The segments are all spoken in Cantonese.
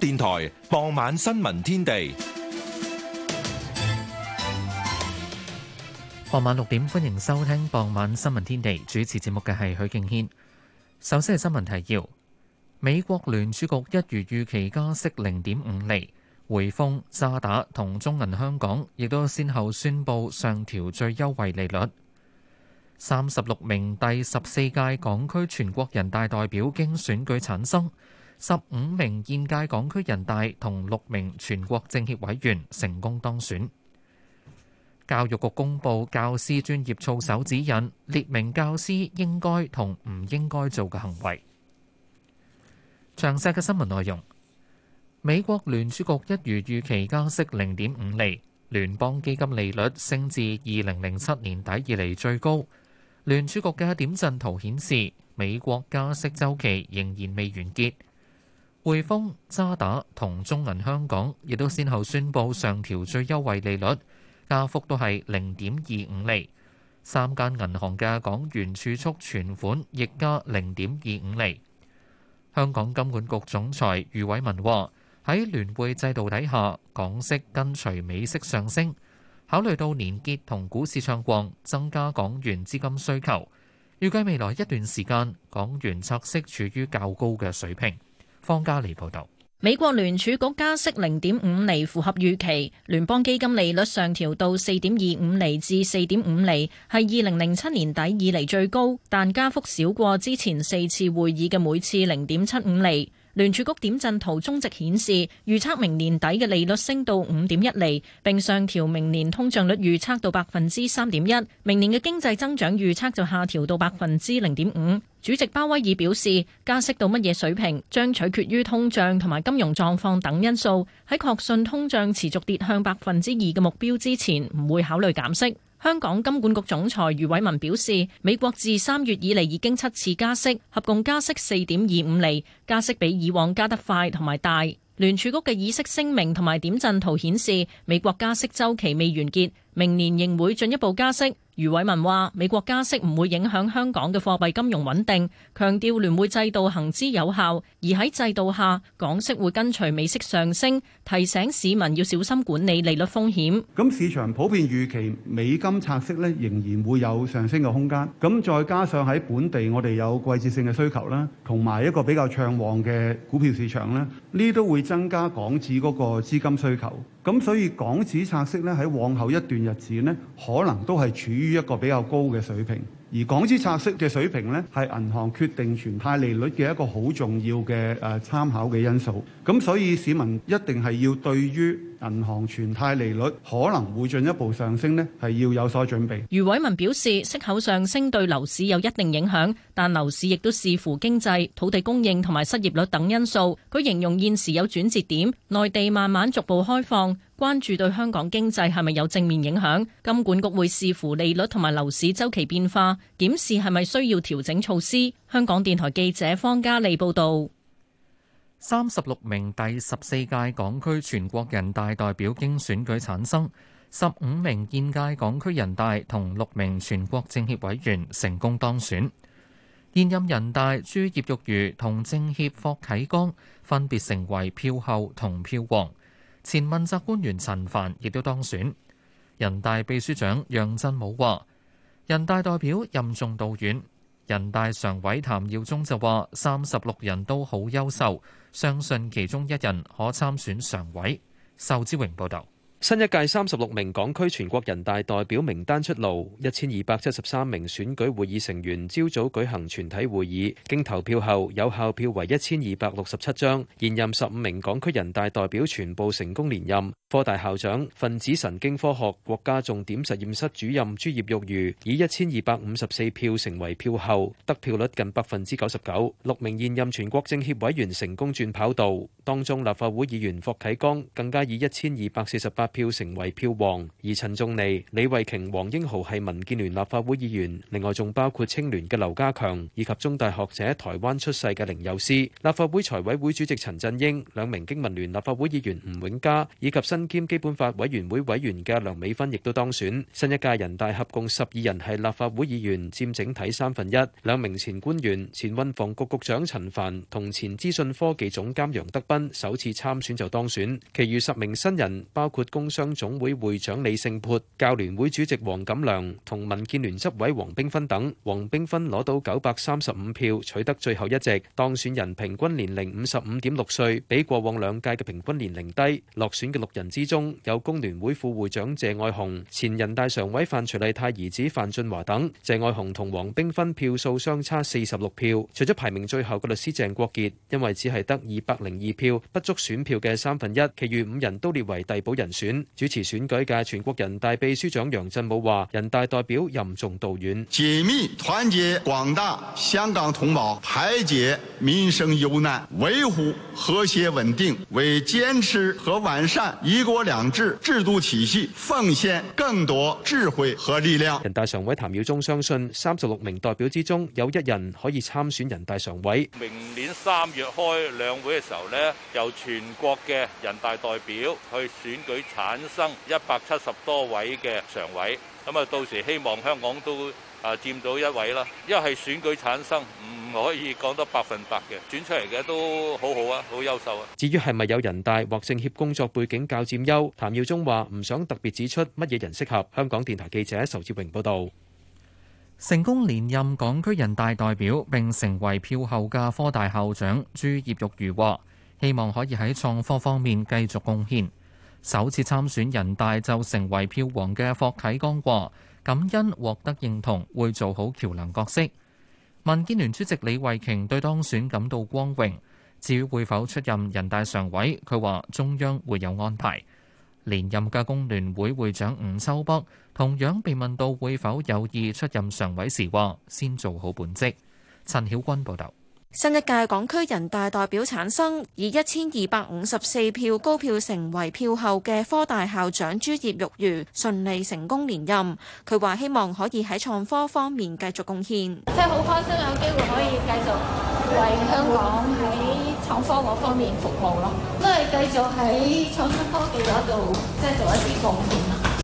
電台傍晚新聞天地，傍晚六點歡迎收聽傍晚新聞天地。主持節目嘅係許敬軒。首先係新聞提要：美國聯儲局一如預期加息零點五厘，匯豐、渣打同中銀香港亦都先後宣布上調最優惠利率。三十六名第十四屆港區全國人大代表經選舉產生。十五名現屆港區人大同六名全國政協委員成功當選。教育局公布教師專業操守指引，列明教師應該同唔應該做嘅行為。詳細嘅新聞內容。美國聯儲局一如預期加息零點五釐，聯邦基金利率升至二零零七年底以嚟最高。聯儲局嘅點陣圖顯示，美國加息週期仍然未完結。匯豐、渣打同中銀香港亦都先後宣布上調最優惠利率，加幅都係零點二五釐。三間銀行嘅港元儲蓄存款亦加零點二五釐。香港金管局總裁余偉文話：喺聯匯制度底下，港息跟隨美息上升。考慮到年結同股市暢旺，增加港元資金需求，預計未來一段時間港元拆息處於較高嘅水平。方嘉利報道：美國聯儲局加息零點五厘，符合預期。聯邦基金利率上調到四點二五厘至四點五厘，係二零零七年底以嚟最高，但加幅少過之前四次會議嘅每次零點七五厘。聯儲局點陣圖中值顯示，預測明年底嘅利率升到五點一厘，並上調明年通脹率預測到百分之三點一，明年嘅經濟增長預測就下調到百分之零點五。主席鮑威爾表示，加息到乜嘢水平將取決於通脹同埋金融狀況等因素。喺確信通脹持續跌向百分之二嘅目標之前，唔會考慮減息。香港金管局總裁余偉文表示，美國自三月以嚟已經七次加息，合共加息四點二五厘，加息比以往加得快同埋大。聯儲局嘅議息聲明同埋點陣圖顯示，美國加息周期未完結，明年仍會進一步加息。余偉文話：美國加息唔會影響香港嘅貨幣金融穩定，強調聯匯制度行之有效，而喺制度下，港息會跟隨美息上升，提醒市民要小心管理利率風險。咁市場普遍預期美金拆息呢仍然會有上升嘅空間，咁再加上喺本地我哋有季節性嘅需求啦，同埋一個比較暢旺嘅股票市場啦，呢都會增加港紙嗰個資金需求。咁，所以港紙拆息咧，喺往後一段日子咧，可能都係處於一個比較高嘅水平。而港資拆息嘅水平呢，係銀行決定存貸利率嘅一個好重要嘅誒參考嘅因素。咁，所以市民一定係要對於銀行存貸利率可能會進一步上升呢，係要有所準備。余偉文表示，息口上升對樓市有一定影響，但樓市亦都視乎經濟、土地供應同埋失業率等因素。佢形容現時有轉折點，內地慢慢逐步開放。關注對香港經濟係咪有正面影響？金管局會視乎利率同埋樓市周期變化，檢視係咪需要調整措施。香港電台記者方嘉莉報道：三十六名第十四屆港區全國人大代表經選舉產生，十五名現屆港區人大同六名全國政協委員成功當選。現任人大朱葉玉如同政協霍啟剛分別成為票后同票王。前問責官員陳帆亦都當選。人大秘書長楊振武話，人大代表任重道遠。人大常委譚耀宗就話，三十六人都好優秀，相信其中一人可參選常委。壽之榮報道。新一屆三十六名港區全國人大代表名單出爐，一千二百七十三名選舉會議成員朝早舉行全體會議，經投票後有效票為一千二百六十七張，現任十五名港區人大代表全部成功連任。科大校長分子神經科學國家重點實驗室主任朱葉玉如以一千二百五十四票成為票後，得票率近百分之九十九。六名現任全國政協委員成功轉跑道，當中立法會議員霍啟剛更加以一千二百四十八票。票成為票王，而陳仲尼、李慧瓊、黃英豪係民建聯立法會議員，另外仲包括青聯嘅劉家強，以及中大學者、台灣出世嘅凌友詩、立法會財委會主席陳振英、兩名經民聯立法會議員吳永嘉，以及身兼基本法委員會委員嘅梁美芬，亦都當選。新一屆人大合共十二人係立法會議員，佔整體三分一。兩名前官員，前運房局局長陳帆同前資訊科技總監楊德斌，首次參選就當選。其餘十名新人，包括，工商總會會長李勝潑、教聯會主席黃錦良，同民建聯執委黃冰芬等，黃冰芬攞到九百三十五票，取得最後一席。當選人平均年齡五十五點六歲，比過往兩屆嘅平均年齡低。落選嘅六人之中，有工聯會副會長謝愛雄、前人大常委范徐麗泰兒子范俊華等。謝愛雄同黃冰芬票數相差四十六票。除咗排名最後嘅律師鄭國杰，因為只係得二百零二票，不足選票嘅三分一，其餘五人都列為遞補人選。主持選舉嘅全國人大秘書長楊振武話：人大代表任重道遠，緊密團結廣大香港同胞，排解民生憂難，維護和諧穩定，為堅持和完善一國兩制制度體系奉獻更多智慧和力量。人大常委譚耀宗相信，三十六名代表之中有一人可以參選人大常委。明年三月開兩會嘅時候咧，由全國嘅人大代表去選舉。產生一百七十多位嘅常委，咁啊到時希望香港都啊佔到一位啦。因為選舉產生唔可以講得百分百嘅，選出嚟嘅都好好啊，好優秀啊。至於係咪有人大或政協工作背景較佔優，譚耀宗話唔想特別指出乜嘢人適合。香港電台記者仇志榮報導，成功連任港區人大代表並成為票后嘅科大校長朱葉玉如話：希望可以喺創科方面繼續貢獻。首次參選人大就成為票王嘅霍啟剛話：感恩獲得認同，會做好橋梁角色。民建聯主席李慧瓊對當選感到光榮，至於會否出任人大常委，佢話中央會有安排。連任嘅工聯會會長吳秋北同樣被問到會否有意出任常委時話：先做好本職。陳曉君報道。新一屆港區人大代表產生，以一千二百五十四票高票成為票後嘅科大校長朱葉玉如，順利成功連任。佢話：希望可以喺創科方面繼續貢獻，即係好開心有機會可以繼續為香港喺創科嗰方面服務咯，都係繼續喺創新科技嗰度即係做一啲貢獻。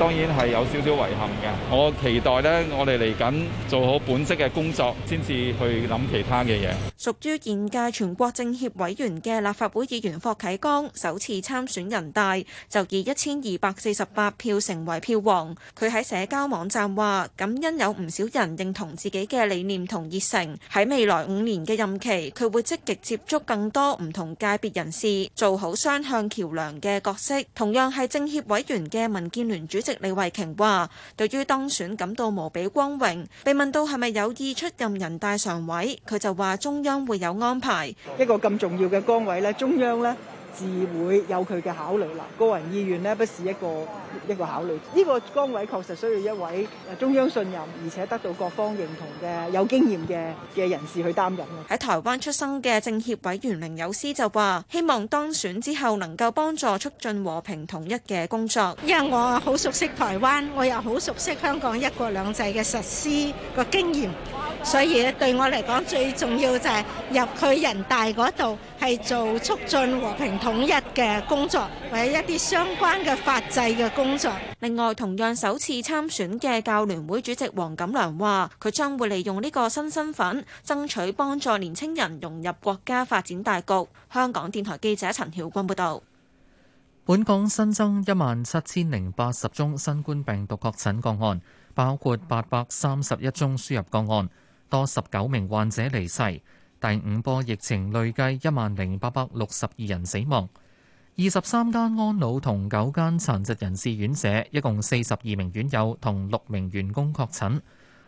當然係有少少遺憾嘅，我期待呢，我哋嚟緊做好本職嘅工作，先至去諗其他嘅嘢。屬於現屆全國政協委員嘅立法會議員霍啟剛，首次參選人大就以一千二百四十八票成為票王。佢喺社交網站話：感恩有唔少人認同自己嘅理念同熱誠，喺未來五年嘅任期，佢會積極接觸更多唔同界別人士，做好雙向橋梁嘅角色。同樣係政協委員嘅民建聯主席。李慧瓊話，對於當選感到無比光榮。被問到係咪有意出任人大常委，佢就話中央會有安排。一個咁重要嘅崗位咧，中央咧，自會有佢嘅考慮啦。個人意願咧，不是一個一個考慮，呢、呢個崗位確實需要一位中央信任，而且得到各方認同嘅有經驗嘅嘅人士去擔任。喺台灣出生嘅政協委員凌友詩就話希望當選之後能夠幫助促進和平統一嘅工作。因為我好熟悉台灣，我又好熟悉香港一國兩制嘅實施個經驗。所以咧，對我嚟講，最重要就係入去人大嗰度，係做促進和平統一嘅工作，或者一啲相關嘅法制嘅工作。另外，同樣首次參選嘅教聯會主席黃錦良話，佢將會利用呢個新身份，爭取幫助年青人融入國家發展大局。香港電台記者陳曉君報導。本港新增一萬七千零八十宗新冠病毒確診個案，包括八百三十一宗輸入個案。多十九名患者離世，第五波疫情累計一萬零八百六十二人死亡。二十三間安老同九間殘疾人士院舍，一共四十二名院友同六名員工確診，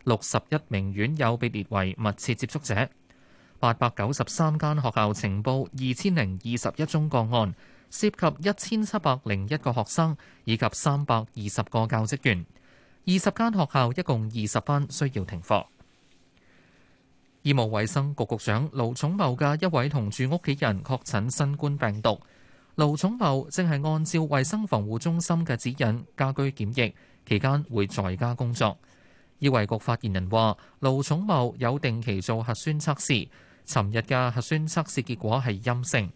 六十一名院友被列為密切接觸者。八百九十三間學校呈報二千零二十一宗個案，涉及一千七百零一個學生以及三百二十個教職員。二十間學校一共二十班需要停課。醫務衛生局局長盧寵茂嘅一位同住屋企人確診新冠病毒。盧寵茂正係按照衛生防護中心嘅指引，家居檢疫期間會在家工作。醫衛局發言人話，盧寵茂有定期做核酸測試，尋日嘅核酸測試結果係陰性。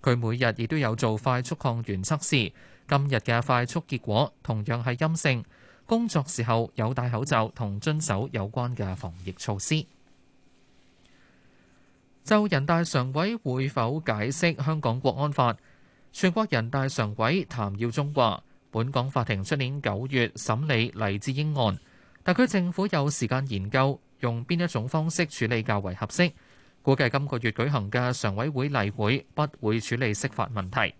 佢每日亦都有做快速抗原測試，今日嘅快速結果同樣係陰性。工作時候有戴口罩同遵守有關嘅防疫措施。就人大常委會否解釋香港國安法，全國人大常委譚耀宗話：本港法庭出年九月審理黎智英案，特區政府有時間研究用邊一種方式處理較為合適。估計今個月舉行嘅常委會例會不會處理釋法問題。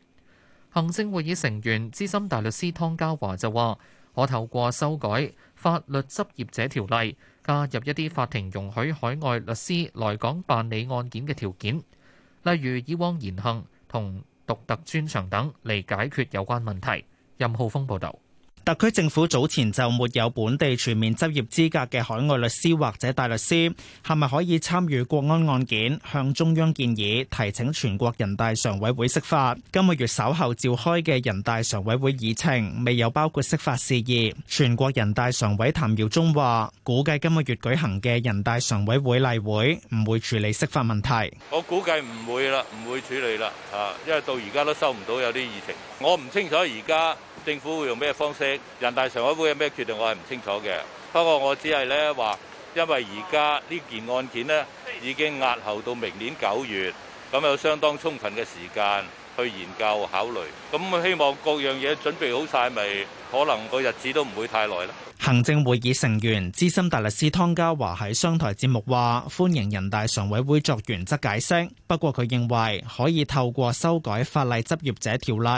行政會議成員資深大律師湯家驊就話：可透過修改法律執業者條例。加入一啲法庭容許海外律師來港辦理案件嘅條件，例如以往言行同獨特專長等，嚟解決有關問題。任浩峰報導。特區政府早前就沒有本地全面執業資格嘅海外律師或者大律師，係咪可以參與國安案件，向中央建議提請全國人大常委會釋法。今個月稍後召開嘅人大常委會議程，未有包括釋法事宜。全國人大常委譚耀宗話：估計今個月舉行嘅人大常委會例會唔會處理釋法問題。我估計唔會啦，唔會處理啦，啊，因為到而家都收唔到有啲議程，我唔清楚而家。政府會用咩方式？人大常委會有咩決定？我係唔清楚嘅。不過我只係咧，話因為而家呢件案件呢，已經押後到明年九月，咁有相當充分嘅時間去研究考慮。咁我希望各樣嘢準備好晒，咪可能個日子都唔會太耐啦。行政會議成員資深大律師湯家驊喺商台節目話：歡迎人大常委會作原則解釋，不過佢認為可以透過修改法例《執業者條例》，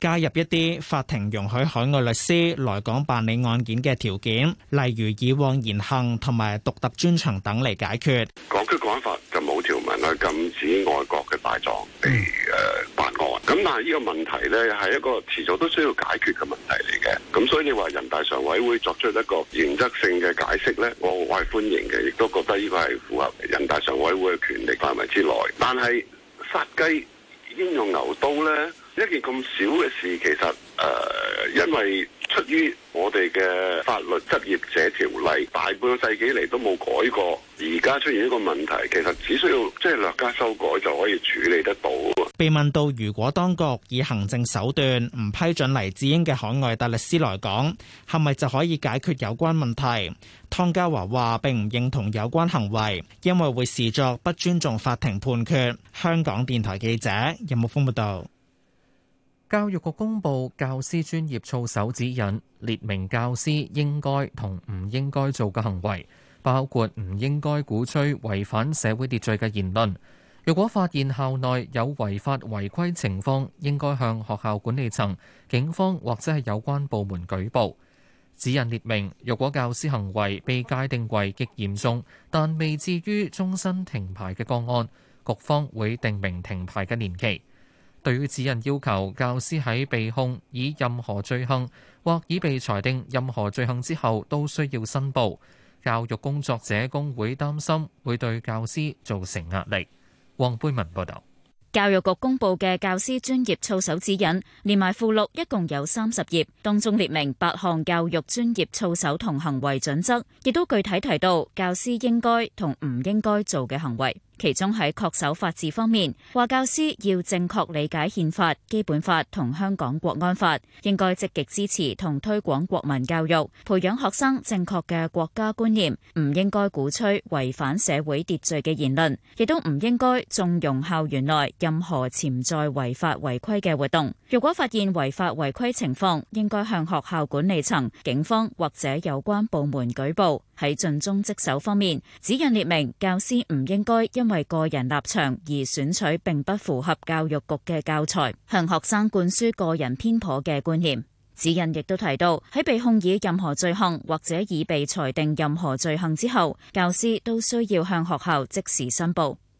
加入一啲法庭容許海外律師來港辦理案件嘅條件，例如以往言行同埋獨特專長等嚟解決。港區國安法。冇條文去禁止外國嘅大狀嚟誒辦案，咁但係呢個問題呢，係一個遲早都需要解決嘅問題嚟嘅，咁所以你話人大常委會作出一個原則性嘅解釋呢，我我係歡迎嘅，亦都覺得呢個係符合人大常委會嘅權力範圍之內。但係殺雞應用牛刀呢，一件咁小嘅事其實。誒，因為出於我哋嘅法律執業者條例，大半個世紀嚟都冇改過，而家出現一個問題，其實只需要即係略加修改就可以處理得到。被問到如果當局以行政手段唔批准黎智英嘅海外大律師來港，係咪就可以解決有關問題？湯家驊話並唔認同有關行為，因為會視作不尊重法庭判決，香港電台記者任木風報道。有教育局公布教師專業操守指引，列明教師應該同唔應該做嘅行為，包括唔應該鼓吹違反社會秩序嘅言論。如果發現校內有違法違規情況，應該向學校管理層、警方或者係有關部門舉報。指引列明，若果教師行為被界定為極嚴重，但未至於終身停牌嘅個案，局方會定明停牌嘅年期。對於指引要求，教師喺被控以任何罪行或已被裁定任何罪行之後，都需要申報。教育工作者公會擔心會對教師造成壓力。黃貝文報導。教育局公布嘅教師專業操守指引，連埋附錄一共有三十頁，當中列明八項教育專業操守同行為準則，亦都具體提到教師應該同唔應該做嘅行為。其中喺確守法治方面，話教師要正確理解憲法、基本法同香港國安法，應該積極支持同推廣國民教育，培養學生正確嘅國家觀念，唔應該鼓吹違反社會秩序嘅言論，亦都唔應該縱容校園內任何潛在違法違規嘅活動。如果發現違法違規情況，應該向學校管理層、警方或者有關部門舉報。喺盡忠職守方面，指引列明教師唔應該因為個人立場而選取並不符合教育局嘅教材，向學生灌輸個人偏頗嘅觀念。指引亦都提到，喺被控以任何罪行或者已被裁定任何罪行之後，教師都需要向學校即時申報。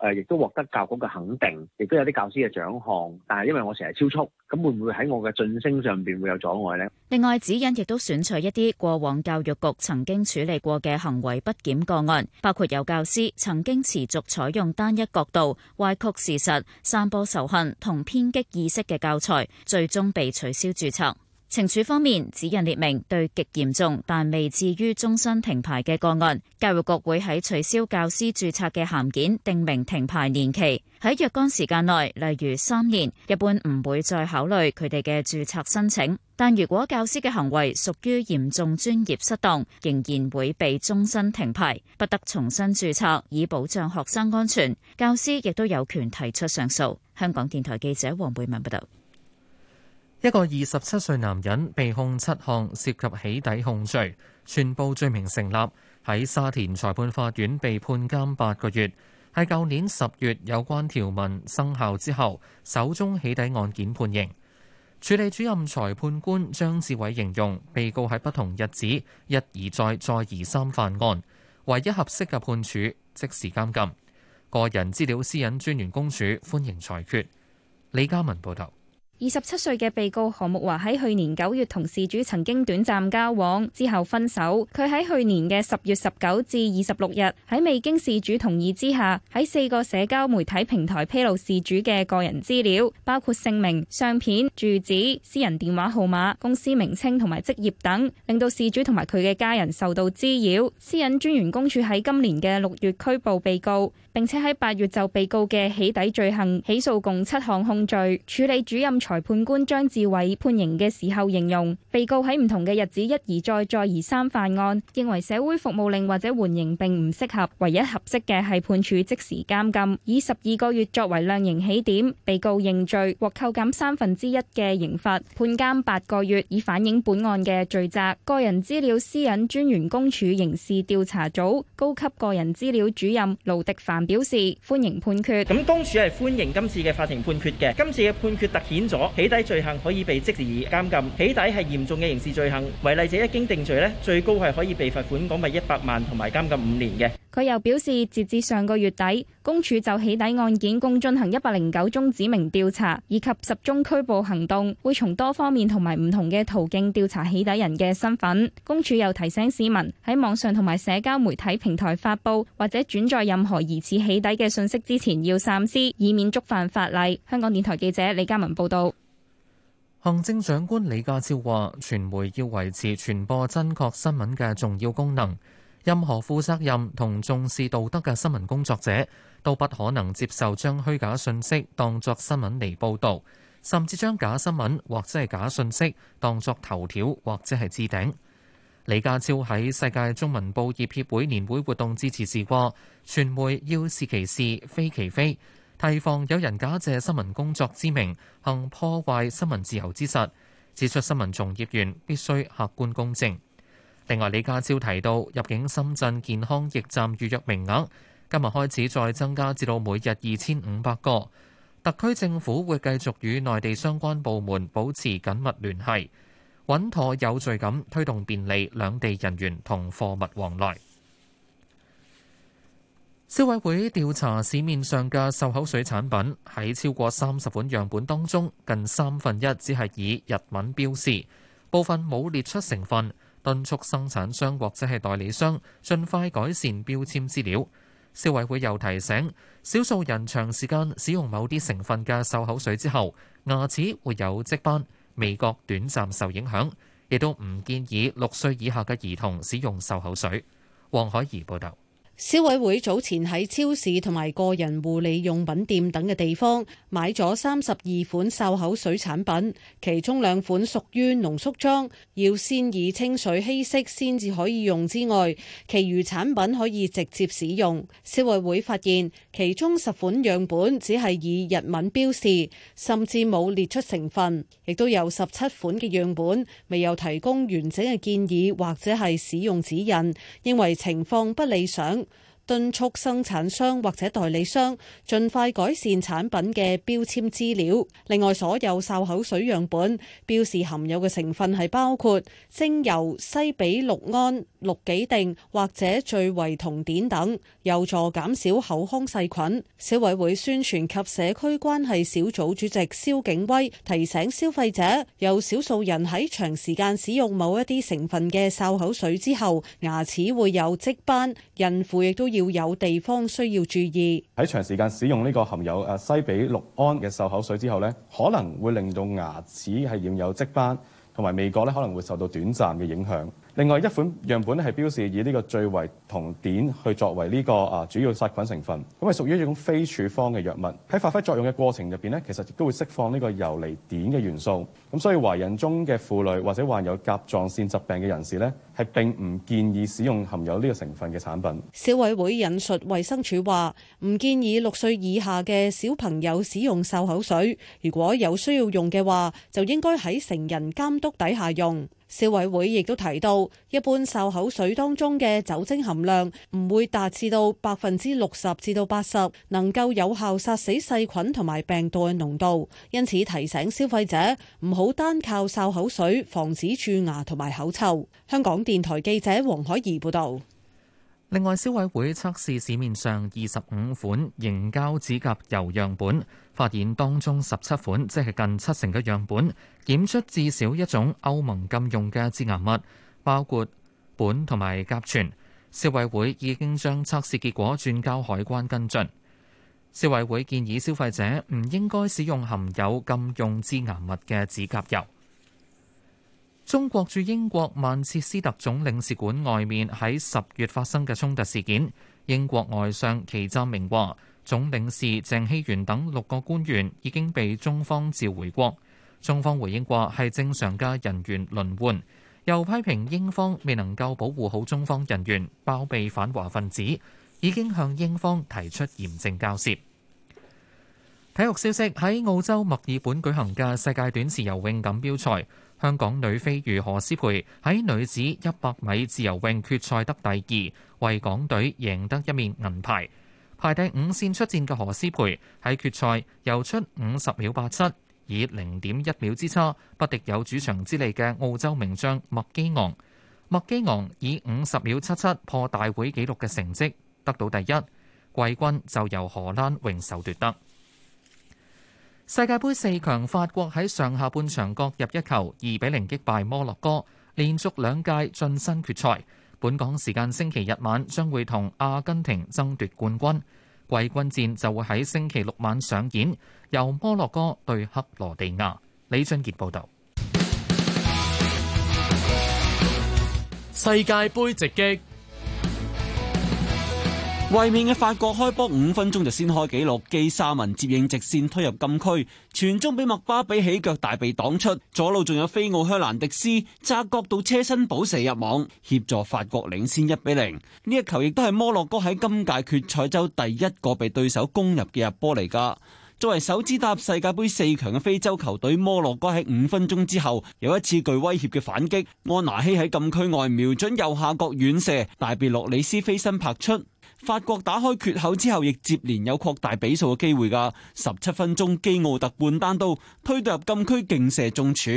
誒，亦都獲得教局嘅肯定，亦都有啲教師嘅獎項。但係因為我成日超速，咁會唔會喺我嘅晉升上邊會有阻礙呢？另外指引亦都選取一啲過往教育局曾經處理過嘅行為不檢個案，包括有教師曾經持續採用單一角度、歪曲事實、散播仇恨同偏激意識嘅教材，最終被取消註冊。懲處方面，指引列明對極嚴重但未至於終身停牌嘅個案，教育局會喺取消教師注冊嘅函件定名停牌年期，喺若干時間內，例如三年，一般唔會再考慮佢哋嘅注冊申請。但如果教師嘅行為屬於嚴重專業失當，仍然會被終身停牌，不得重新注冊，以保障學生安全。教師亦都有權提出上訴。香港電台記者黃貝文報道。一個二十七歲男人被控七項涉及起底控罪，全部罪名成立，喺沙田裁判法院被判監八個月，喺舊年十月有關條文生效之後，首宗起底案件判刑。處理主任裁判官張志偉形容，被告喺不同日子一而再、再而三犯案，唯一合適嘅判處即時監禁。個人資料私隱專員公署歡迎裁決。李嘉文報道。二十七歲嘅被告何木華喺去年九月同事主曾經短暫交往，之後分手。佢喺去年嘅十月十九至二十六日，喺未經事主同意之下，喺四個社交媒體平台披露事主嘅個人資料，包括姓名、相片、住址、私人電話號碼、公司名稱同埋職業等，令到事主同埋佢嘅家人受到滋擾。私隱專員公署喺今年嘅六月拘捕被告，並且喺八月就被告嘅起底罪行起訴共七項控罪。處理主任裁判官張志偉判刑嘅時候形容，被告喺唔同嘅日子一而再再而三犯案，認為社會服務令或者緩刑並唔適合，唯一合適嘅係判處即時監禁，以十二個月作為量刑起點。被告認罪獲扣減三分之一嘅刑罰，判監八個月，以反映本案嘅罪責。個人資料私隱專員公署刑事調查組高級個人資料主任盧迪凡表示歡迎判決。咁公署係歡迎今次嘅法庭判決嘅，今次嘅判決凸顯咗。起底罪行可以被即時以監禁，起底係嚴重嘅刑事罪行，違例者一經定罪咧，最高係可以被罰款港幣一百萬同埋監禁五年嘅。佢又表示，截至上個月底，公署就起底案件共進行一百零九宗指明調查，以及十宗拘捕行動，會從多方面同埋唔同嘅途徑調查起底人嘅身份。公署又提醒市民喺網上同埋社交媒體平台發布或者轉載任何疑似起底嘅信息之前，要三思，以免觸犯法例。香港電台記者李嘉文報道。行政長官李家超話，傳媒要維持傳播真確新聞嘅重要功能。任何負責任同重視道德嘅新聞工作者都不可能接受將虛假信息當作新聞嚟報導，甚至將假新聞或者係假信息當作頭條或者係置頂。李家超喺世界中文報業協會年會活動致辭時話：傳媒要是其是，非其非，提防有人假借新聞工作之名行破壞新聞自由之實。指出新聞從業員必須客觀公正。另外，李家超提到，入境深圳健康驛站預約名額今日開始再增加至到每日二千五百個。特區政府會繼續與內地相關部門保持緊密聯繫，穩妥有序咁推動便利兩地人員同貨物往來。消委會調查市面上嘅漱口水產品，喺超過三十款樣本當中，近三分一只係以日文標示，部分冇列出成分。敦促生產商或者係代理商盡快改善標籤資料。消委會又提醒，少數人長時間使用某啲成分嘅漱口水之後，牙齒會有積斑，味覺短暫受影響，亦都唔建議六歲以下嘅兒童使用漱口水。黃海怡報道。消委會早前喺超市同埋個人護理用品店等嘅地方買咗三十二款漱口水產品，其中兩款屬於濃縮裝，要先以清水稀釋先至可以用之外，其餘產品可以直接使用。消委會發現，其中十款樣本只係以日文標示，甚至冇列出成分，亦都有十七款嘅樣本未有提供完整嘅建議或者係使用指引，認為情況不理想。敦促生產商或者代理商盡快改善產品嘅標籤資料。另外，所有漱口水樣本標示含有嘅成分係包括精油、西吡氯銨、氯己定或者聚維酮碘等，有助減少口腔細菌。消委會宣傳及社區關係小組主席蕭景威提醒消費者，有少數人喺長時間使用某一啲成分嘅漱口水之後，牙齒會有積斑。孕婦亦都要。要有地方需要注意。喺長時間使用呢個含有誒西比氯胺嘅漱口水之後咧，可能會令到牙齒係染有色斑，同埋味覺咧，可能會受到短暫嘅影響。另外一款樣本咧，係標示以呢個聚維酮碘去作為呢個啊主要殺菌成分，咁係屬於一種非處方嘅藥物，喺發揮作用嘅過程入邊呢，其實亦都會釋放呢個遊離碘嘅元素。咁所以懷孕中嘅婦女或者患有甲狀腺疾病嘅人士呢，係並唔建議使用含有呢個成分嘅產品。消委會引述衛生署話，唔建議六歲以下嘅小朋友使用漱口水。如果有需要用嘅話，就應該喺成人監督底下用。消委會亦都提到，一般漱口水當中嘅酒精含量唔會達至到百分之六十至到八十，能夠有效殺死細菌同埋病毒嘅濃度，因此提醒消費者唔好單靠漱口水防止蛀牙同埋口臭。香港電台記者黃海怡報道。另外，消委會測試市面上二十五款凝膠指甲油樣本，發現當中十七款，即係近七成嘅樣本，檢出至少一種歐盟禁用嘅致癌物，包括苯同埋甲醛。消委會已經將測試結果轉交海關跟進。消委會建議消費者唔應該使用含有禁用致癌物嘅指甲油。中國駐英國曼徹斯特總領事館外面喺十月發生嘅衝突事件，英國外相祈湛明話，總領事鄭希元等六個官員已經被中方召回國。中方回應過係正常嘅人員輪換，又批評英方未能夠保護好中方人員，包庇反華分子，已經向英方提出嚴正交涉。體育消息，喺澳洲墨爾本舉行嘅世界短池游泳錦標賽。香港女飛魚何詩蓓喺女子一百米自由泳決賽得第二，為港隊贏得一面銀牌。排第五線出戰嘅何詩蓓喺決賽游出五十秒八七，以零點一秒之差不敵有主場之利嘅澳洲名將麥基昂。麥基昂以五十秒七七破大會紀錄嘅成績得到第一，季軍就由荷蘭泳手奪得。世界杯四強法國喺上下半場各入一球，二比零擊敗摩洛哥，連續兩屆晉身決賽。本港時間星期日晚將會同阿根廷爭奪冠軍，季軍戰就會喺星期六晚上演，由摩洛哥對克羅地亞。李俊杰報道。世界杯直擊。衛冕嘅法國開波五分鐘就先開紀錄，基沙文接應直線推入禁區，傳中俾麥巴比起腳大被擋出，左路仲有菲奧香蘭迪斯揸角度車身補射入網，協助法國領先一比零。呢一球亦都係摩洛哥喺今屆決賽周第一個被對手攻入嘅入波嚟噶。作為首支踏入世界杯四強嘅非洲球隊，摩洛哥喺五分鐘之後有一次具威脅嘅反擊。安拿希喺禁區外瞄準右下角遠射，大鼻洛里斯飛身拍出。法國打開缺口之後，亦接連有擴大比數嘅機會噶。十七分鐘，基奧特半單刀推到入禁區勁射中柱。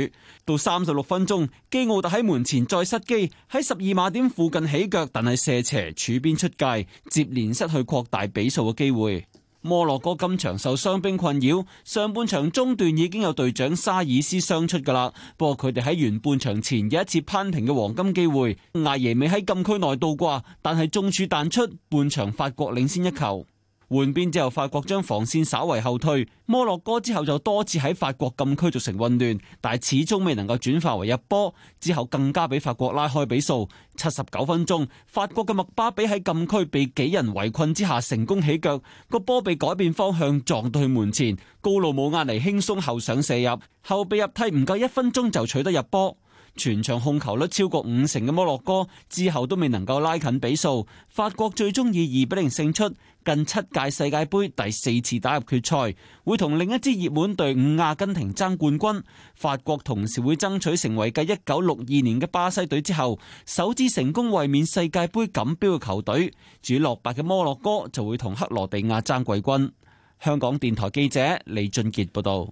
到三十六分鐘，基奧特喺門前再失機，喺十二碼點附近起腳，但係射斜，柱邊出界，接連失去擴大比數嘅機會。摩洛哥今場受傷兵困擾，上半場中段已經有隊長沙爾斯傷出㗎啦。不過佢哋喺完半場前有一次扳平嘅黃金機會，艾耶未喺禁區內倒掛，但係中柱彈出，半場法國領先一球。換邊之後，法國將防線稍為後退。摩洛哥之後就多次喺法國禁區造成混亂，但係始終未能夠轉化為入波。之後更加俾法國拉開比數。七十九分鐘，法國嘅麥巴比喺禁區被幾人圍困之下成功起腳，個波被改變方向撞到去門前，高路姆亞尼輕鬆後上射入，後備入替唔夠一分鐘就取得入波。全場控球率超過五成嘅摩洛哥之後都未能夠拉近比數，法國最終以二比零勝出，近七屆世界杯第四次打入決賽，會同另一支熱門隊伍阿根廷爭冠軍。法國同時會爭取成為繼一九六二年嘅巴西隊之後，首次成功衛冕世界杯錦標嘅球隊。主落敗嘅摩洛哥就會同克羅地亞爭季軍。香港電台記者李俊杰報道。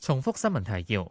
重複新聞提要。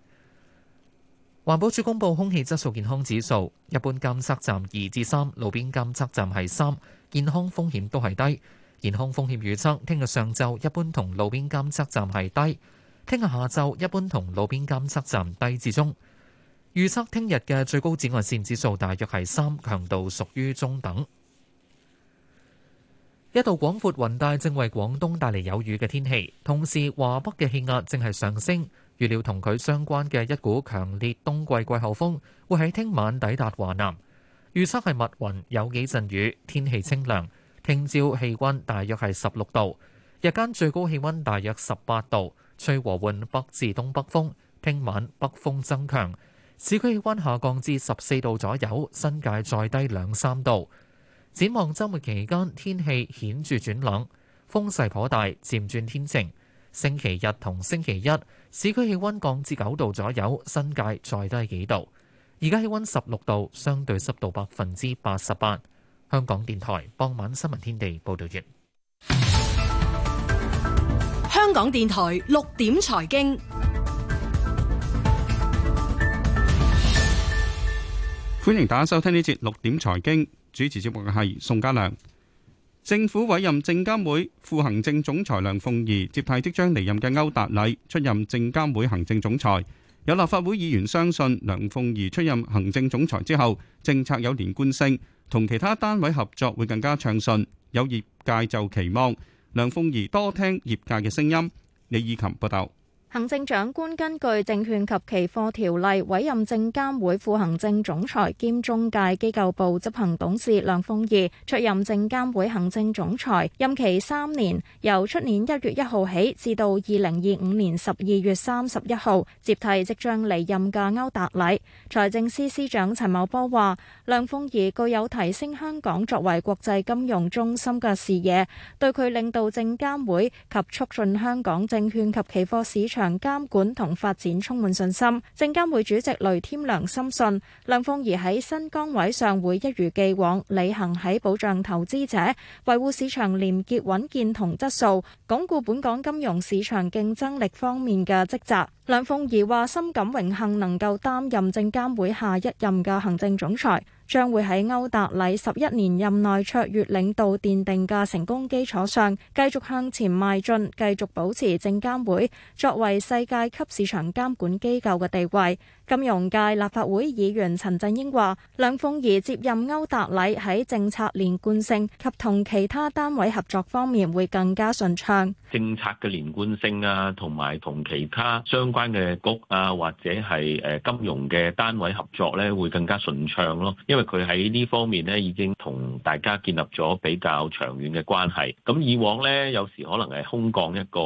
環保署公布空氣質素健康指數，一般監測站二至三，路邊監測站係三，健康風險都係低。健康風險預測聽日上晝一般同路邊監測站係低，聽日下晝一般同路邊監測站低至中。預測聽日嘅最高紫外線指數大約係三，強度屬於中等。一度廣闊雲帶正為廣東帶嚟有雨嘅天氣，同時華北嘅氣壓正係上升。預料同佢相關嘅一股強烈冬季季候風會喺聽晚抵達華南，預測係密雲有幾陣雨，天氣清涼。聽朝氣温大約係十六度，日間最高氣温大約十八度，吹和緩北至東北風。聽晚北風增強，市區氣温下降至十四度左右，新界再低兩三度。展望周末期間，天氣顯著轉冷，風勢頗大，漸轉天晴。星期日同星期一，市區氣溫降至九度左右，新界再低係幾度。而家氣溫十六度，相對濕度百分之八十八。香港電台傍晚新聞天地報道。完。香港電台六點財經，歡迎大家收聽呢節六點財經，主持節目嘅係宋家良。政府委任證監會副行政總裁梁鳳儀接替即將離任嘅歐達禮出任證監會行政總裁。有立法會議員相信梁鳳儀出任行政總裁之後，政策有連貫性，同其他單位合作會更加暢順。有業界就期望梁鳳儀多聽業界嘅聲音。李以琴報道。行政長官根據證券及期貨條例委任證監會副行政總裁兼中介機構部執行董事梁鳳儀出任證監會行政總裁，任期三年，由出年一月一號起至到二零二五年十二月三十一號，接替即將離任嘅歐達禮。財政司司長陳茂波話：梁鳳儀具有提升香港作為國際金融中心嘅視野，對佢領導證監會及促進香港證券及期貨市場，強監管同發展充滿信心。證監會主席雷添良深信梁鳳儀喺新崗位上會一如既往履行喺保障投資者、維護市場廉潔穩健同質素、鞏固本港金融市場競爭力方面嘅職責。梁鳳儀話：深感榮幸能夠擔任證監會下一任嘅行政總裁。將會喺歐達禮十一年任內卓越領導奠定嘅成功基礎上，繼續向前邁進，繼續保持證監會作為世界級市場監管機構嘅地位。金融界立法會議員陳振英話，梁鳳儀接任歐達禮喺政策連貫性及同其他單位合作方面會更加順暢。政策嘅連貫性啊，同埋同其他相關嘅局啊，或者係誒金融嘅單位合作咧，會更加順暢咯。因為佢喺呢方面咧，已經同大家建立咗比較長遠嘅關係。咁以往咧，有時可能係空降一個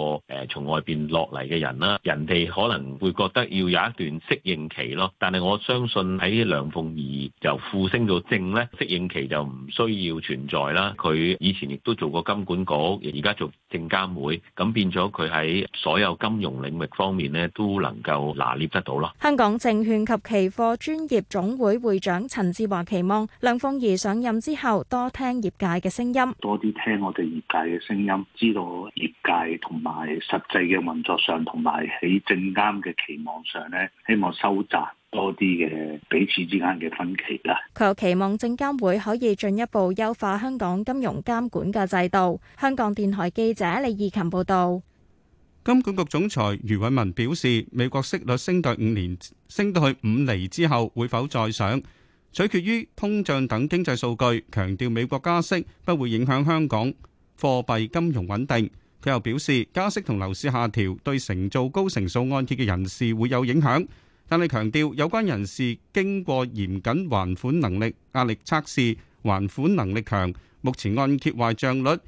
誒從外邊落嚟嘅人啦，人哋可能會覺得要有一段適應.期咯， 但係我相信喺梁鳳儀由副升到正咧，適應期就唔需要存在啦。佢以前亦都做過金管局，而家做。證監會咁變咗，佢喺所有金融領域方面呢，都能夠拿捏得到咯。香港證券及期貨專業總會會長陳志華期望，梁鳳儀上任之後，多聽業界嘅聲音，多啲聽我哋業界嘅聲音，知道業界同埋實際嘅運作上，同埋喺證監嘅期望上呢，希望收窄。多啲嘅彼此之間嘅分歧啦。佢又期望證監會可以進一步優化香港金融監管嘅制度。香港電台記者李義琴報道。金管局總裁余偉文表示，美國息率升到五年升到去五釐之後，會否再上，取決於通脹等經濟數據。強調美國加息不會影響香港貨幣金融穩定。佢又表示，加息同樓市下調對承造高成數按揭嘅人士會有影響。但係強調，有關人士經過嚴謹還款能力壓力測試，還款能力強，目前按揭壞賬率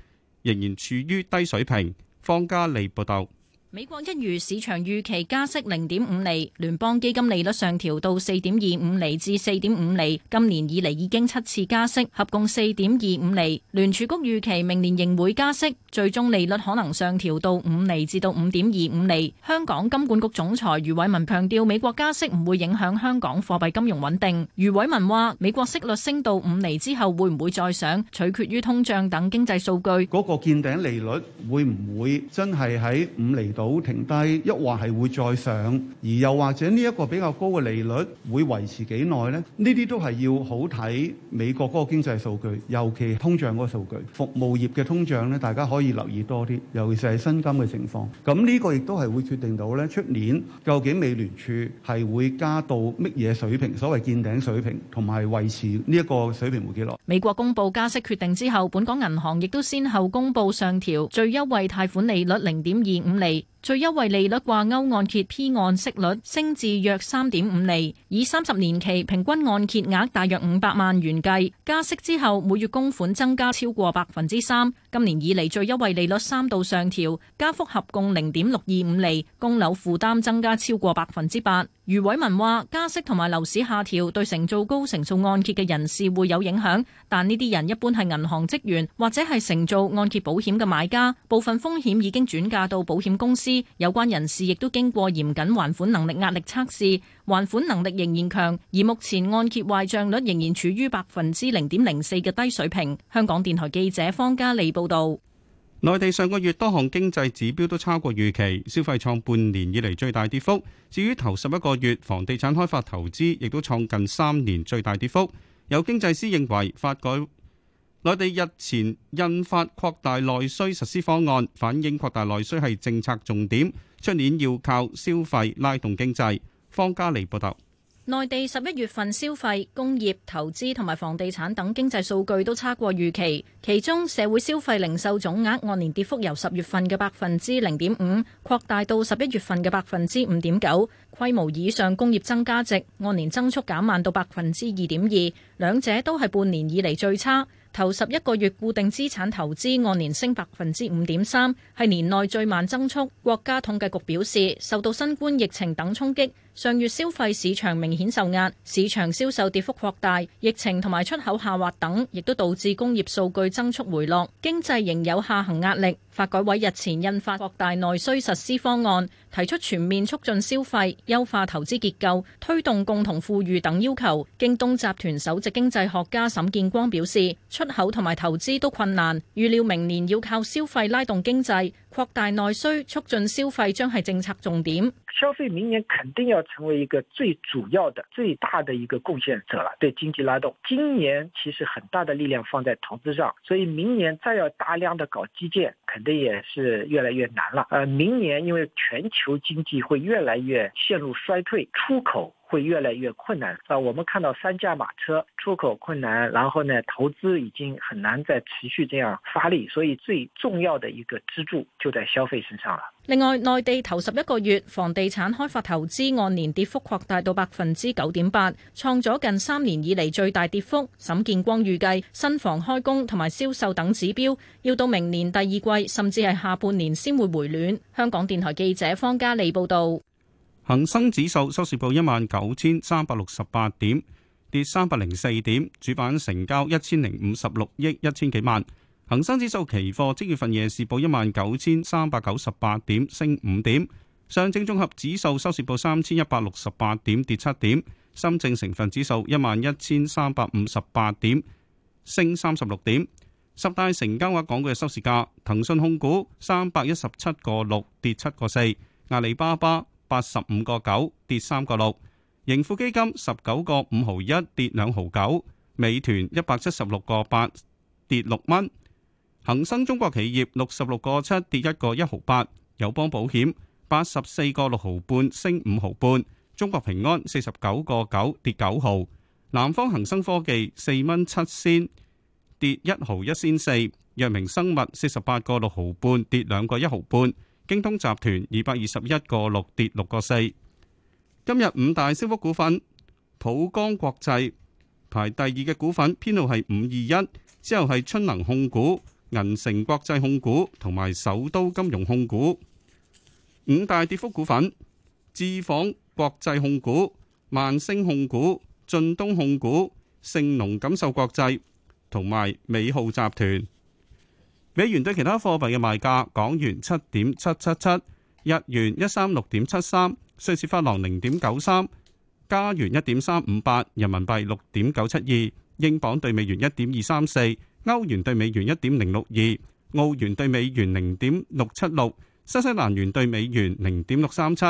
仍然處於低水平。方家利報道。美國一如市場預期加息0.5厘，聯邦基金利率上調到4.25厘至4.5厘。今年以嚟已經七次加息，合共4.25厘。聯儲局預期明年仍會加息，最終利率可能上調到5厘至到5.25厘。香港金管局總裁余偉文強調，美國加息唔會影響香港貨幣金融穩定。余偉文話：美國息率升到5厘之後會唔會再上，取決於通脹等經濟數據。嗰個見頂利率會唔會真係喺5厘？到停低，抑或係會再上，而又或者呢一個比較高嘅利率會維持幾耐咧？呢啲都係要好睇美國嗰個經濟數據，尤其通脹嗰個數據。服務業嘅通脹咧，大家可以留意多啲，尤其是係薪金嘅情況，咁呢個亦都係會決定到咧出年究竟美聯儲係會加到乜嘢水平，所謂見頂水平，同埋維持呢一個水平會幾耐。美國公布加息決定之後，本港銀行亦都先後公布上調最優惠貸款利率零點二五厘。最優惠利率掛鈎按揭批按息率升至約三點五厘，以三十年期平均按揭額大約五百萬元計，加息之後每月供款增加超過百分之三。今年以嚟，最優惠利率三度上調，加幅合共零點六二五厘，供樓負擔增加超過百分之八。余偉文話：加息同埋樓市下調，對承造高成數按揭嘅人士會有影響，但呢啲人一般係銀行職員或者係承造按揭保險嘅買家，部分風險已經轉嫁到保險公司。有關人士亦都經過嚴謹還款能力壓力測試。還款能力仍然強，而目前按揭壞賬率仍然處於百分之零點零四嘅低水平。香港電台記者方嘉利報導，內地上個月多項經濟指標都超過預期，消費創半年以嚟最大跌幅。至於頭十一個月，房地產開發投資亦都創近三年最大跌幅。有經濟師認為，發改內地日前印發擴大內需實施方案，反映擴大內需係政策重點。出年要靠消費拉動經濟。方家莉報道，內地十一月份消費、工業、投資同埋房地產等經濟數據都差過預期。其中，社會消費零售總額按年跌幅由十月份嘅百分之零點五擴大到十一月份嘅百分之五點九。規模以上工業增加值按年增速減慢到百分之二點二，兩者都係半年以嚟最差。頭十一個月固定資產投資按年升百分之五點三，係年內最慢增速。國家統計局表示，受到新冠疫情等衝擊。上月消費市場明顯受壓，市場銷售跌幅擴大，疫情同埋出口下滑等，亦都導致工業數據增速回落，經濟仍有下行壓力。發改委日前印發擴大內需實施方案，提出全面促進消費、優化投資結構、推動共同富裕等要求。京東集團首席經濟學家沈建光表示，出口同埋投資都困難，預料明年要靠消費拉動經濟。擴大內需、促進消費將係政策重點。消費明年肯定要成為一個最主要的、最大的一個貢獻者了，對經濟拉動。今年其實很大的力量放在投資上，所以明年再要大量的搞基建，肯定也是越來越難了。啊，明年因為全球經濟會越來越陷入衰退，出口。會越來越困難。啊，我們看到三駕馬車出口困難，然後呢投資已經很難再持續這樣發力，所以最重要的一個支柱就在消費身上了。另外，內地頭十一個月，房地產開發投資按年跌幅擴大到百分之九點八，創咗近三年以嚟最大跌幅。沈建光預計，新房開工同埋銷售等指標要到明年第二季甚至係下半年先會回暖。香港電台記者方嘉莉報道。恒生指數收市報一萬九千三百六十八點，跌三百零四點，主板成交一千零五十六億一千幾萬。恒生指數期貨即月份夜市報一萬九千三百九十八點，升五點。上證綜合指數收市報三千一百六十八點，跌七點。深證成分指數一萬一千三百五十八點，升三十六點。十大成交額港股嘅收市價，騰訊控股三百一十七個六，跌七個四，阿里巴巴。八十五個九跌三個六，盈富基金十九個五毫一跌兩毫九，美團一百七十六個八跌六蚊，恒生中國企業六十六個七跌一個一毫八，友邦保險八十四個六毫半升五毫半，中國平安四十九個九跌九毫，南方恒生科技四蚊七仙跌一毫一仙四，藥明生物四十八個六毫半跌兩個一毫半。京東集團二百二十一個六跌六個四。今日五大升幅股份：浦江國際排第二嘅股份編號係五二一，之後係春能控股、銀城國際控股同埋首都金融控股。五大跌幅股份：智仿國際控股、萬星控股、晉東控股、盛隆錦繡國際同埋美浩集團。美元對其他貨幣嘅賣價：港元七點七七七，日元一三六點七三，瑞士法郎零點九三，加元一點三五八，人民幣六點九七二，英鎊對美元一點二三四，歐元對美元一點零六二，澳元對美元零點六七六，新西蘭元對美元零點六三七。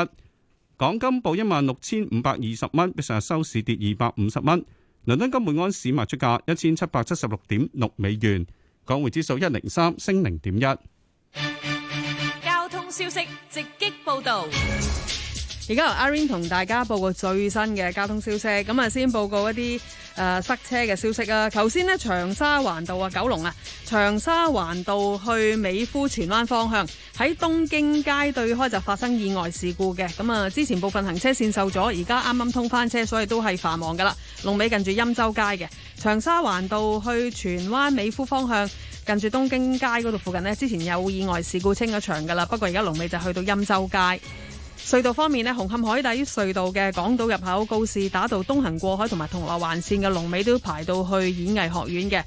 港金報一萬六千五百二十蚊，比上日收市跌二百五十蚊。倫敦金每安士賣出價一千七百七十六點六美元。港匯指數一零三升零點一。交通消息直擊報道。而家由阿 Ring 同大家報告最新嘅交通消息。咁啊，先報告一啲誒塞車嘅消息啦。頭先呢長沙灣道啊，九龍啊，長沙灣道去美孚荃灣方向喺東京街對開就發生意外事故嘅。咁啊，之前部分行車線受阻，而家啱啱通返車，所以都係繁忙噶啦。龍尾近住欽州街嘅長沙灣道去荃灣美孚方向，近住東京街嗰度附近呢，之前有意外事故清咗場噶啦。不過而家龍尾就去到欽州街。隧道方面咧，紅磡海底隧道嘅港島入口告士打道東行過海同埋銅鑼灣線嘅龍尾都排到去演藝學院嘅，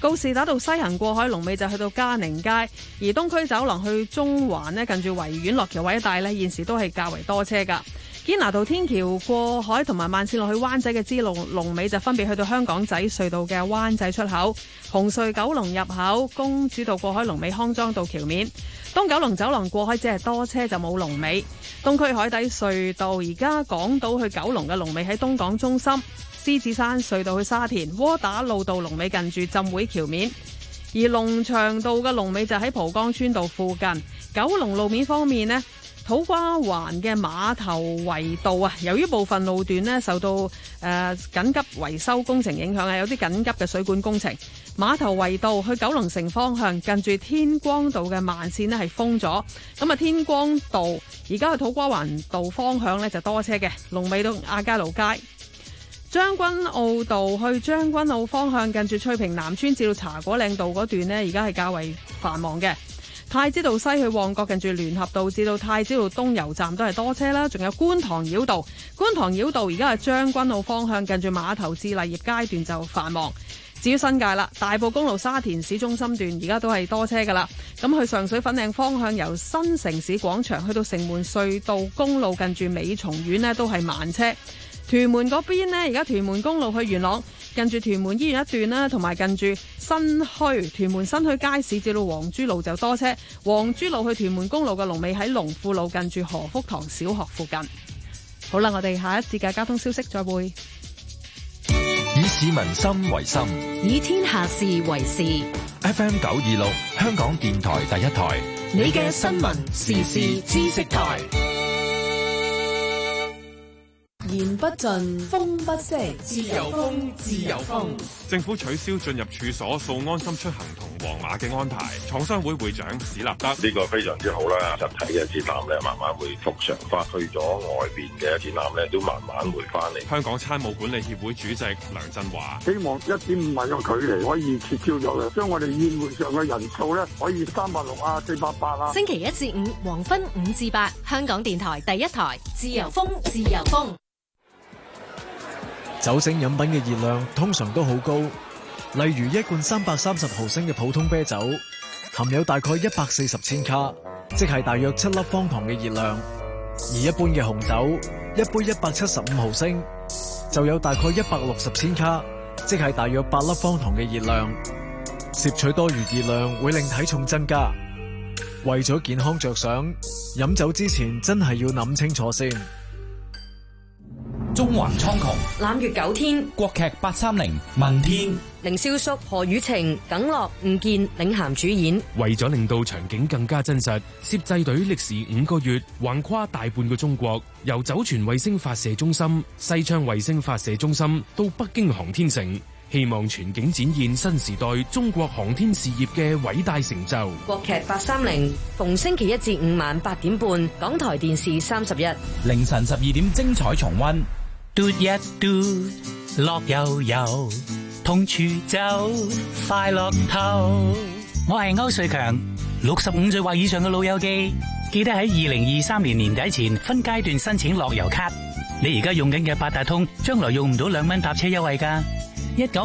告士打道西行過海龍尾就去到嘉寧街，而東區走廊去中環咧，近住維園、落橋位一帶咧，現時都係較為多車噶。堅拿道天橋過海同埋慢綫落去灣仔嘅支路龍尾就分別去到香港仔隧道嘅灣仔出口、紅隧九龍入口、公主道過海龍尾康莊道橋面、東九龍走廊過海只係多車就冇龍尾、東區海底隧道而家港島去九龍嘅龍尾喺東港中心、獅子山隧道去沙田、窩打老道龍尾近住浸會橋面，而龍翔道嘅龍尾就喺蒲崗村道附近。九龍路面方面呢。土瓜灣嘅碼頭圍道啊，由於部分路段咧受到誒、呃、緊急維修工程影響啊，有啲緊急嘅水管工程。碼頭圍道去九龍城方向，近住天光道嘅慢線咧係封咗。咁啊，天光道而家去土瓜灣道方向呢，就多車嘅，龍尾到亞皆老街。將軍澳道去將軍澳方向，近住翠屏南村至到茶果嶺道嗰段呢，而家係較為繁忙嘅。太子道西去旺角，近住聯合道至到太子道東油站都係多車啦，仲有觀塘繞道，觀塘繞道而家係將軍澳方向，近住碼頭至麗業階段就繁忙。至於新界啦，大埔公路沙田市中心段而家都係多車噶啦，咁去上水粉嶺方向由新城市廣場去到城門隧道公路，近住美松苑呢都係慢車。屯門嗰邊呢，而家屯門公路去元朗。近住屯門醫院一段啦，同埋近住新墟屯門新墟街市至到黃珠路就多車，黃珠路去屯門公路嘅龍尾喺龍富路近住何福堂小學附近。好啦，我哋下一節嘅交通消息再會。以市民心為心，以天下事為事。FM 九二六，香港電台第一台，你嘅新聞時事知識台。言不盡，風不息，自由風，自由風。政府取消進入處所、掃安心出行同黃碼嘅安排。廠商會會長史立德，呢個非常之好啦，實體嘅展覽咧慢慢會復常化，去咗外邊嘅展覽咧都慢慢回翻嚟。香港餐務管理協會主席梁振華，希望一點五米嘅距離可以撤銷咗啦，將我哋宴會上嘅人數咧可以三百六啊四百八啊。星期一至五黃昏五至八，香港電台第一台，自由風，自由風。酒精飲品嘅熱量通常都好高，例如一罐三百三十毫升嘅普通啤酒，含有大概一百四十千卡，即係大約七粒方糖嘅熱量；而一般嘅紅酒，一杯一百七十五毫升就有大概一百六十千卡，即係大約八粒方糖嘅熱量。攝取多餘熱量會令體重增加，為咗健康着想，飲酒之前真係要諗清楚先。縱橫蒼穹，攬月九天。國劇八三零問天，凌瀟肅、何雨晴、耿樂、吳健，領銜主演。為咗令到場景更加真實，攝製隊歷時五個月，橫跨大半個中國，由酒泉衛星發射中心、西昌衛星發射中心到北京航天城，希望全景展現新時代中國航天事業嘅偉大成就。國劇八三零逢星期一至五晚八點半，港台電視三十一凌晨十二點精彩重溫。重溫嘟一嘟，樂悠悠，同處走，快樂透。我係歐瑞強，六十五歲或以上嘅老友記，記得喺二零二三年年底前分階段申請樂悠卡。你而家用緊嘅八達通，將來用唔到兩蚊搭車優惠㗎。一九。